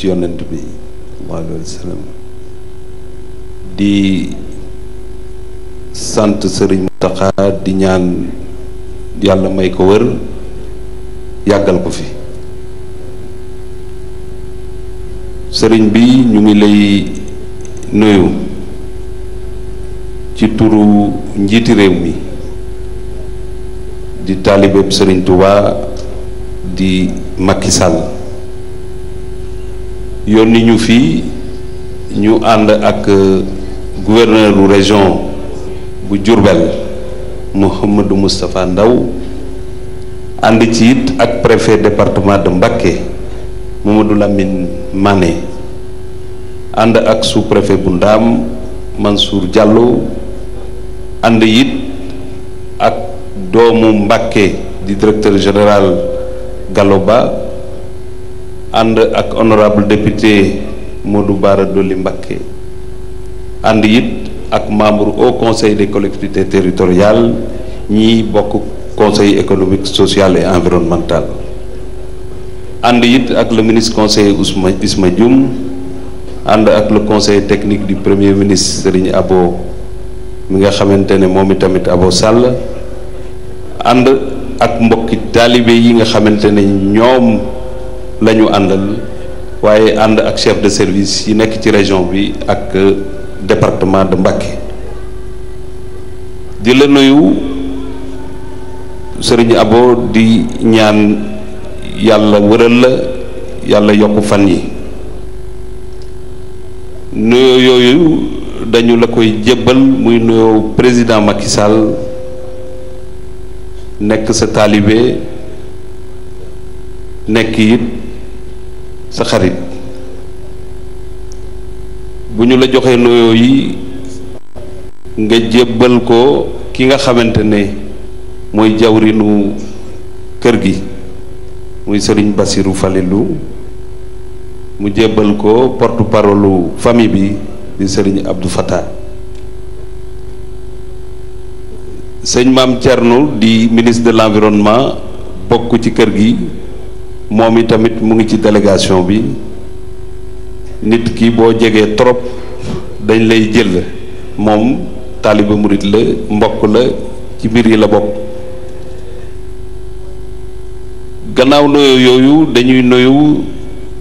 ci yonent bi sallallahu alaihi wasallam di sante serigne Mountakha di ñaan yalla may ko wër yagal ko fi serigne bi ñu ngi lay nuyu ci turu njiti rew mi di talibé serigne Touba di Macky Sall yoni ñu nyu ñu and ak gouverneur du région bu jurbel mohammed mustapha Ndaw and ci it ak préfet département de Mbacké Mamadou Lamine Mané and ak sous-préfet bu ndam Mansour Diallo and it ak domou Mbacké di directeur général Galoba anda ak honorable député Modou Bara doli Mbacké and yit ak membre au conseil des collectivités territoriales ñi bokk conseil économique social et environnemental and yit ak le ministre conseil Ousmane Isma Dioum and ak le conseil technique du premier ministre Serigne Abo mi nga xamantene ne tamit Abo Sall and ak mbokki talibé yi nga xamantene ne lañu andal waye and ak chef de service yi nek ci région bi ak euh, département de Mbacké di la nuyu serigne Abo di ñaan yalla wëral la yalla yokk fan yi nuyu yoyu dañu la koy jébal muy nuyu président Macky Sall nek sa talibé nek yit sa xarit bu ñu la joxe noyo yi nga jébbal ko ki nga xamantene moy jawrinu kër gi muy Serigne Bassirou Falilou mu jebal ko porte parole famille bi di Serigne Abdou fatta serigne mam tiernou di ministre de l'environnement bokku ci kër gi moom i tamit mu ngi ci délégation bi nit ki boo jege trop dañ lay jël moom taaliba murit la mbokk la ci mbir yi la bokk gannaaw noyo yooyu dañuy noyu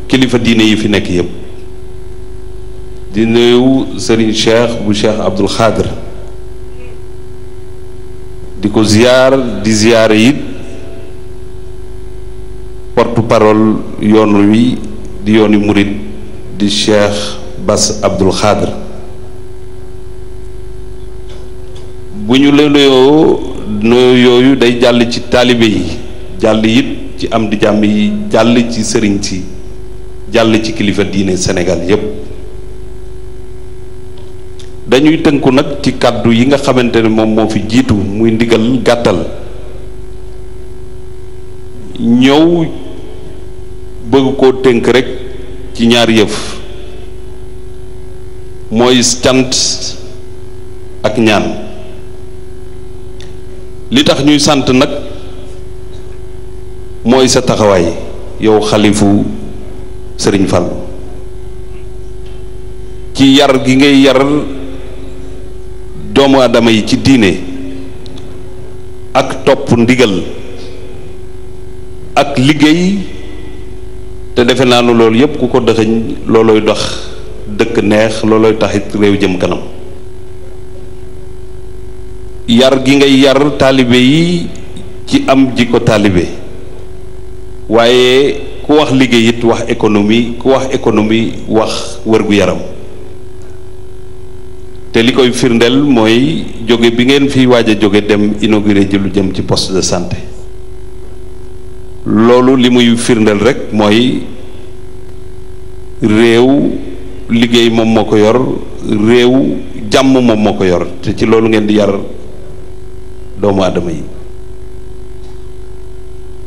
kilifa diine yi fi nekk yëpp di nuyu Serigne Cheikh bu Cheikh Abdoul Khadr di ko ziyaar di ziyaare it porte-parole yoon wi di yooni murit di Cheikh Bass Abdou Khadre bu ñu la nuyoo yooyu day jàll ci taalibe yi jàll it ci am di jàmm yi jàll ci sëriñ si jàll ci kilifa diine senegal yépp dañuy tënku nag ci kàddu yi nga xamante ne moom moo fi jiitu muy ndigal gàttal ñëw bëgg koo tënk rekk ci ñaar yëf mooy cant ak ñaan li tax ñuy sant nag mooy sa taxawaay yow xalifu sëriñ fal ci yar gi ngay yar doomu aadama yi ci diine ak topp ndigal ak liggéey te defe naa ne loolu yëpp ku ko dëxëñ loolooy dox dëkk neex loolooy taxit réew jëm kanam yar gi ngay yar taalibe yi ci am ji ko taalibe waaye ku wax liggéey it wax économie ku wax économie wax wér-gu-yaram te li koy firndeel mooy jóge bi ngeen fi waaj a jóge dem inauguré ji lu jëm ci post de santé loolu li muy firndeel rek mooy réew liggéey moom moo ko yor réew jàmm moom moo ko yor te ci loolu ngeen di yar doomu aadama yi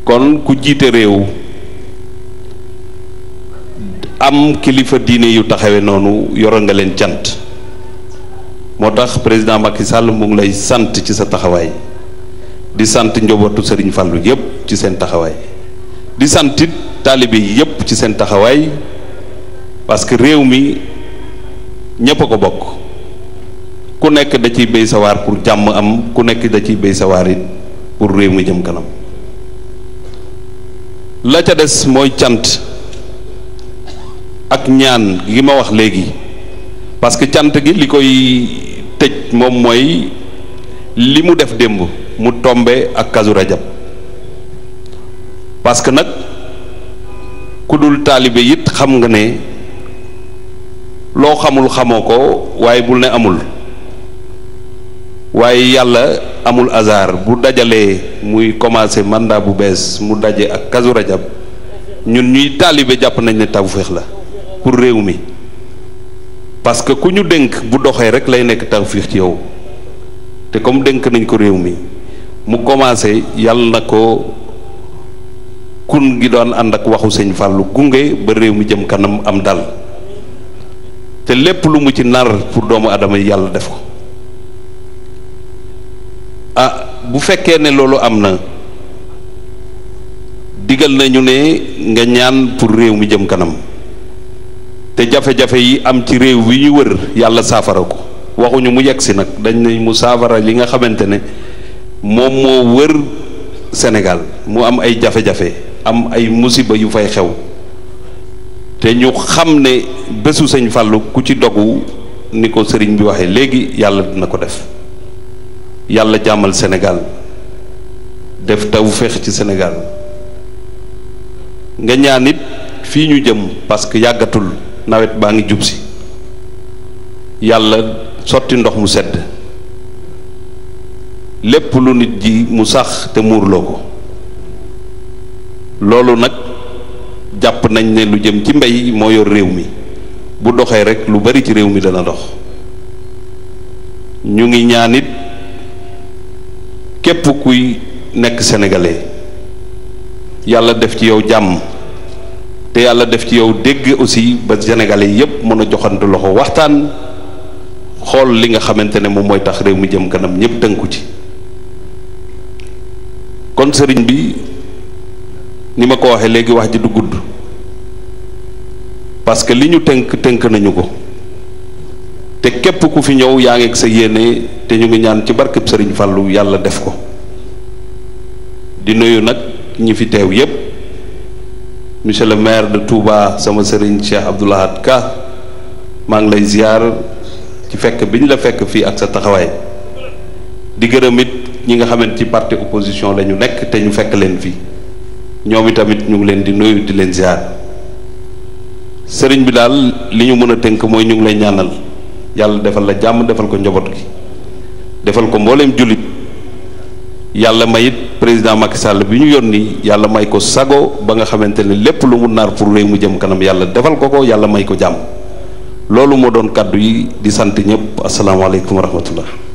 kon ku jiite réew am kilifa diine yu taxawe noonu yoro nga leen cant moo tax président Macky sàll mu lay sant ci sa taxawaay di sant njobootu Serigne Fallou yépp ci seen taxawaay di santit taalibe yi yëpp ci seen taxawaay parce que réew mi ñépp a ko bokk ku nekk da ciy béy sawaar pour jàmm am ku nekk da ciy béy sawaar it pour réew mi jëm kanam la ca des mooy cant ak ñaan gi ma wax léegi parce que cant gi li koy tëj moom mooy li mu def démb mu tombe ak kasu rajab parce que nag ku dul taalibe it xam nga ne loo xamul xamoo ko waaye bul ne amul waaye yàlla amul hasard bu dajalee muy commencé mandat bu bees mu daje ak kazu rajab ñun ñuy taalibe jàpp nañ ne tawféex la pour réew mi parce que ku ñu dénk bu doxee rek lay nekk tawféex ci yow te comme dénk nañ ko réew mi mu commencé yàlla na ko kun gi doon ànd ak waxu sëñ Fallou gunge ba réew mi jëm kanam am dal te lépp lu mu ci nar pour doomu adama yi yàlla def ko ah bu fekkee ne loolu am na digal nañu ne nga ñaan pour réew mi jëm kanam te jafe-jafe yi am ci réew wi ñu wër yàlla saafara ko waxuñu mu yegg si nag dañ ne mu saafara li nga xamante ne moom moo wër senegal mu am ay jafe-jafe am ay musiba yu fay xew te ñu xam ne bésu sëñ Fallou ku ci dogu ni ko sëriñ bi waxee léegi yàlla dina ko def yàlla jàmmal Sénégal def taw feex ci Sénégal nga ñaan nit fii ñu jëm parce que yàggatul nawet baa ngi jub si yàlla sotti ndox mu sedd lépp lu nit ji mu sax te muurloo ko loolu nag jàpp nañ ne lu jëm ci mbay moo yor réew mi bu doxee rek lu bari ci réew mi dana dox ñu ngi ñaan it képp kuy nekk sénégalais yàlla def ci yow jàmm te yàlla def ci yow dégg aussi ba sénégalais yépp mën a joxante loxo waxtaan xool li nga xamante ne moom mooy tax réew mi jëm kanam ñépp tënku ci kon sëriñ bi ni ma ko waxe legui wax ji du gudd parce que liñu tenk tenk nañu ko te kep ku fi ñew yaa ngi ak sa yene te ñu ngi ñaan ci barke serigne fallu yalla def ko di nuyu nak ñi fi tew yeb monsieur le maire de Touba sama serigne Cheikh abdullah ma ngi lay ziar ci fekk biñ la fekk fi ak sa taxaway di ñi nga xamanteni parti opposition lañu nek te ñu fekk len fi ñoom itamit ñu ngi leen di nuyu di leen ziar sëriñ bi daal li ñu mën a tënk ñu ngi lay ñaanal yàlla defal la jàmm defal ko njaboot gi defal ko mbooleem julit yàlla may it président Macky Sall bi ñu yónni yàlla may ko sago ba nga xamante ne lépp lu mu naar pour réew mu jëm kanam yàlla defal ko ko yàlla may ko jàmm loolu moo doon kaddu yi di sant ñëpp asalaamaaleykum wa rahmatullah